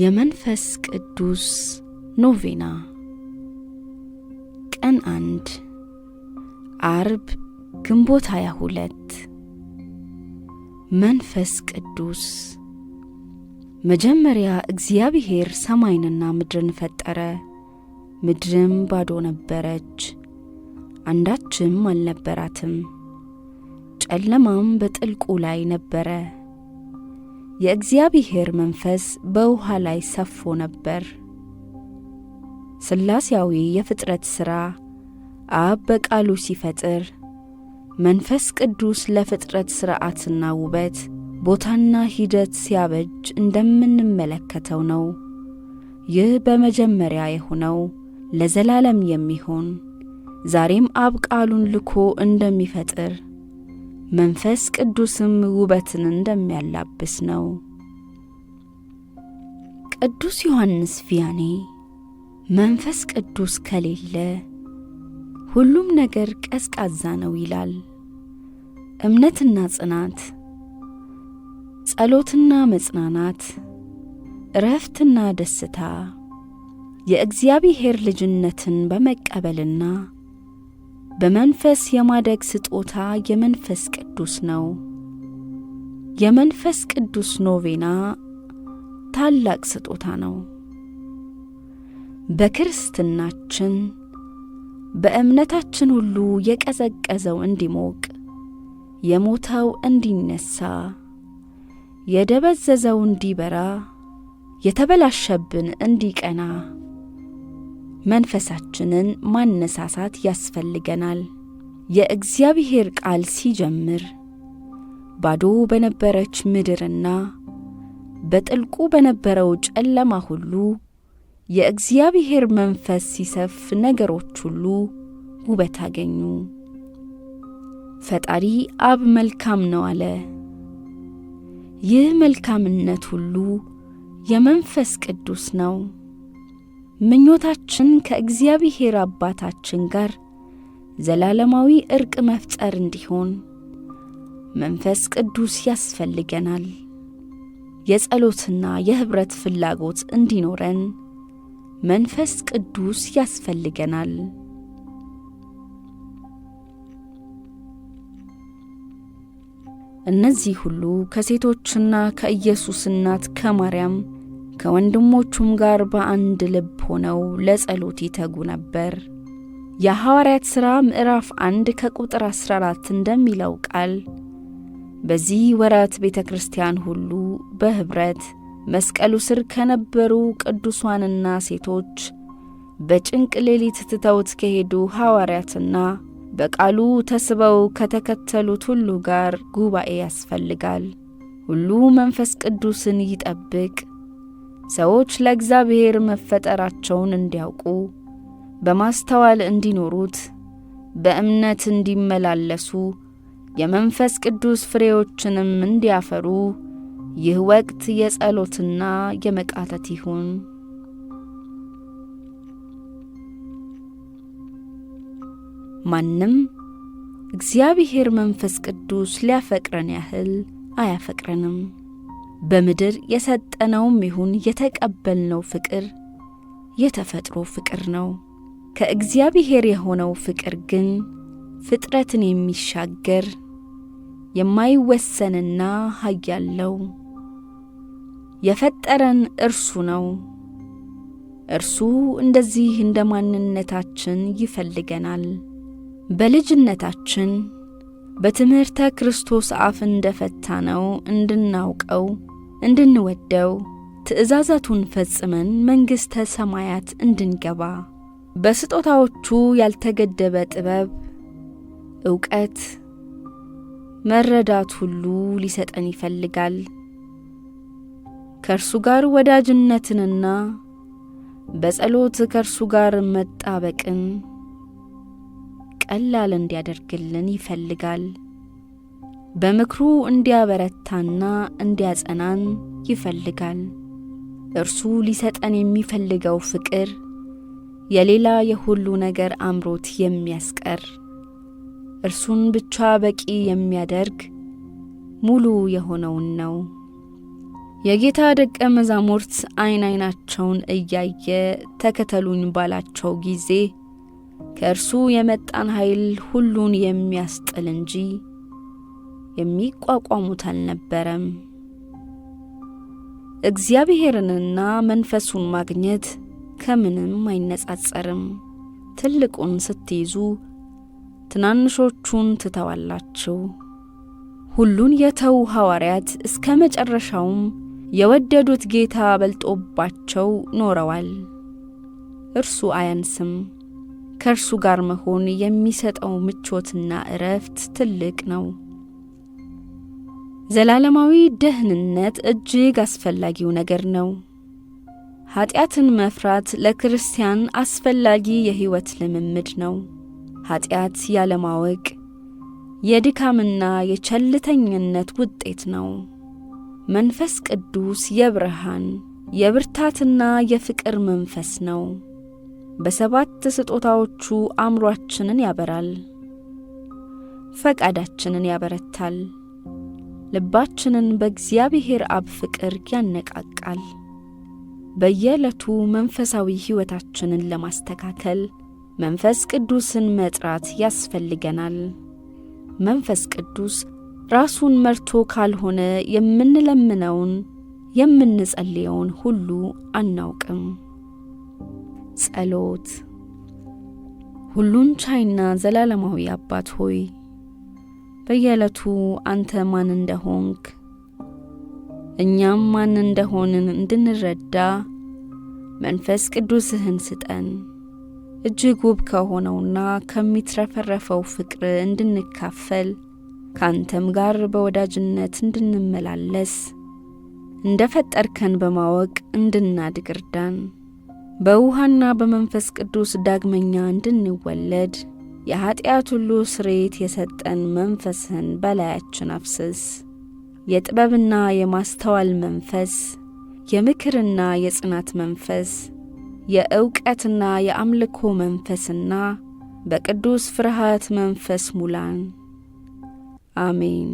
የመንፈስ ቅዱስ ኖቬና ቀን አንድ አርብ ግንቦት 22 መንፈስ ቅዱስ መጀመሪያ እግዚአብሔር ሰማይንና ምድርን ፈጠረ። ምድርም ባዶ ነበረች፣ አንዳችም አልነበራትም። ጨለማም በጥልቁ ላይ ነበረ፣ የእግዚአብሔር መንፈስ በውሃ ላይ ሰፎ ነበር። ሥላሴያዊ የፍጥረት ሥራ አብ በቃሉ ሲፈጥር፣ መንፈስ ቅዱስ ለፍጥረት ሥርዓትና ውበት ቦታና ሂደት ሲያበጅ እንደምንመለከተው ነው። ይህ በመጀመሪያ የሆነው ለዘላለም የሚሆን ዛሬም አብ ቃሉን ልኮ እንደሚፈጥር መንፈስ ቅዱስም ውበትን እንደሚያላብስ ነው። ቅዱስ ዮሐንስ ቪያኔ መንፈስ ቅዱስ ከሌለ ሁሉም ነገር ቀዝቃዛ ነው ይላል። እምነትና ጽናት፣ ጸሎትና መጽናናት፣ እረፍትና ደስታ የእግዚአብሔር ልጅነትን በመቀበልና በመንፈስ የማደግ ስጦታ የመንፈስ ቅዱስ ነው። የመንፈስ ቅዱስ ኖቬና ታላቅ ስጦታ ነው። በክርስትናችን በእምነታችን ሁሉ የቀዘቀዘው እንዲሞቅ፣ የሞተው እንዲነሳ፣ የደበዘዘው እንዲበራ፣ የተበላሸብን እንዲቀና መንፈሳችንን ማነሳሳት ያስፈልገናል። የእግዚአብሔር ቃል ሲጀምር ባዶ በነበረች ምድርና በጥልቁ በነበረው ጨለማ ሁሉ የእግዚአብሔር መንፈስ ሲሰፍ ነገሮች ሁሉ ውበት አገኙ። ፈጣሪ አብ መልካም ነው አለ። ይህ መልካምነት ሁሉ የመንፈስ ቅዱስ ነው። ምኞታችን ከእግዚአብሔር አባታችን ጋር ዘላለማዊ እርቅ መፍጠር እንዲሆን መንፈስ ቅዱስ ያስፈልገናል። የጸሎትና የኅብረት ፍላጎት እንዲኖረን መንፈስ ቅዱስ ያስፈልገናል። እነዚህ ሁሉ ከሴቶችና ከኢየሱስ እናት ከማርያም ከወንድሞቹም ጋር በአንድ ልብ ሆነው ለጸሎት ይተጉ ነበር። የሐዋርያት ሥራ ምዕራፍ አንድ ከቁጥር 14 እንደሚለው ቃል በዚህ ወራት ቤተ ክርስቲያን ሁሉ በኅብረት መስቀሉ ስር ከነበሩ ቅዱሷንና ሴቶች በጭንቅ ሌሊት ትተውት ከሄዱ ሐዋርያትና በቃሉ ተስበው ከተከተሉት ሁሉ ጋር ጉባኤ ያስፈልጋል። ሁሉ መንፈስ ቅዱስን ይጠብቅ ሰዎች ለእግዚአብሔር መፈጠራቸውን እንዲያውቁ በማስተዋል እንዲኖሩት በእምነት እንዲመላለሱ የመንፈስ ቅዱስ ፍሬዎችንም እንዲያፈሩ ይህ ወቅት የጸሎትና የመቃተት ይሁን። ማንም እግዚአብሔር መንፈስ ቅዱስ ሊያፈቅረን ያህል አያፈቅረንም። በምድር የሰጠነውም ይሁን የተቀበልነው ፍቅር የተፈጥሮ ፍቅር ነው። ከእግዚአብሔር የሆነው ፍቅር ግን ፍጥረትን የሚሻገር የማይወሰንና ኃያለው የፈጠረን እርሱ ነው። እርሱ እንደዚህ እንደ ማንነታችን ይፈልገናል። በልጅነታችን በትምህርተ ክርስቶስ አፍ ነው እንድናውቀው እንድንወደው ትእዛዛቱን ፈጽመን መንግሥተ ሰማያት እንድንገባ በስጦታዎቹ ያልተገደበ ጥበብ፣ ዕውቀት፣ መረዳት ሁሉ ሊሰጠን ይፈልጋል። ከእርሱ ጋር ወዳጅነትንና በጸሎት ከእርሱ ጋር መጣበቅን ቀላል እንዲያደርግልን ይፈልጋል። በምክሩ እንዲያበረታና እንዲያጸናን ይፈልጋል። እርሱ ሊሰጠን የሚፈልገው ፍቅር የሌላ የሁሉ ነገር አምሮት የሚያስቀር እርሱን ብቻ በቂ የሚያደርግ ሙሉ የሆነውን ነው። የጌታ ደቀ መዛሙርት ዓይን ዓይናቸውን እያየ ተከተሉኝ ባላቸው ጊዜ ከእርሱ የመጣን ኃይል ሁሉን የሚያስጥል እንጂ የሚቋቋሙት አልነበረም። እግዚአብሔርንና መንፈሱን ማግኘት ከምንም አይነጻጸርም። ትልቁን ስትይዙ ትናንሾቹን ትተዋላችሁ። ሁሉን የተው ሐዋርያት እስከ መጨረሻውም የወደዱት ጌታ በልጦባቸው ኖረዋል። እርሱ አያንስም። ከእርሱ ጋር መሆን የሚሰጠው ምቾትና እረፍት ትልቅ ነው። ዘላለማዊ ደህንነት እጅግ አስፈላጊው ነገር ነው። ኃጢአትን መፍራት ለክርስቲያን አስፈላጊ የሕይወት ልምምድ ነው። ኃጢአት ያለማወቅ የድካምና የቸልተኝነት ውጤት ነው። መንፈስ ቅዱስ የብርሃን የብርታትና የፍቅር መንፈስ ነው። በሰባት ስጦታዎቹ አእምሯችንን ያበራል፣ ፈቃዳችንን ያበረታል፣ ልባችንን በእግዚአብሔር አብ ፍቅር ያነቃቃል። በየዕለቱ መንፈሳዊ ሕይወታችንን ለማስተካከል መንፈስ ቅዱስን መጥራት ያስፈልገናል። መንፈስ ቅዱስ ራሱን መርቶ ካልሆነ የምንለምነውን የምንጸልየውን ሁሉ አናውቅም። ጸሎት ሁሉን ቻይና ዘላለማዊ አባት ሆይ በየዕለቱ አንተ ማን እንደሆንክ እኛም ማን እንደሆንን እንድንረዳ መንፈስ ቅዱስህን ስጠን። እጅግ ውብ ከሆነውና ከሚትረፈረፈው ፍቅር እንድንካፈል ከአንተም ጋር በወዳጅነት እንድንመላለስ እንደ ፈጠርከን በማወቅ እንድናድግ እርዳን። በውሃና በመንፈስ ቅዱስ ዳግመኛ እንድንወለድ የኀጢአት ሁሉ ስርየት የሰጠን መንፈስህን በላያችን አፍስስ። የጥበብና የማስተዋል መንፈስ፣ የምክርና የጽናት መንፈስ፣ የእውቀትና የአምልኮ መንፈስና በቅዱስ ፍርሃት መንፈስ ሙላን። አሜን።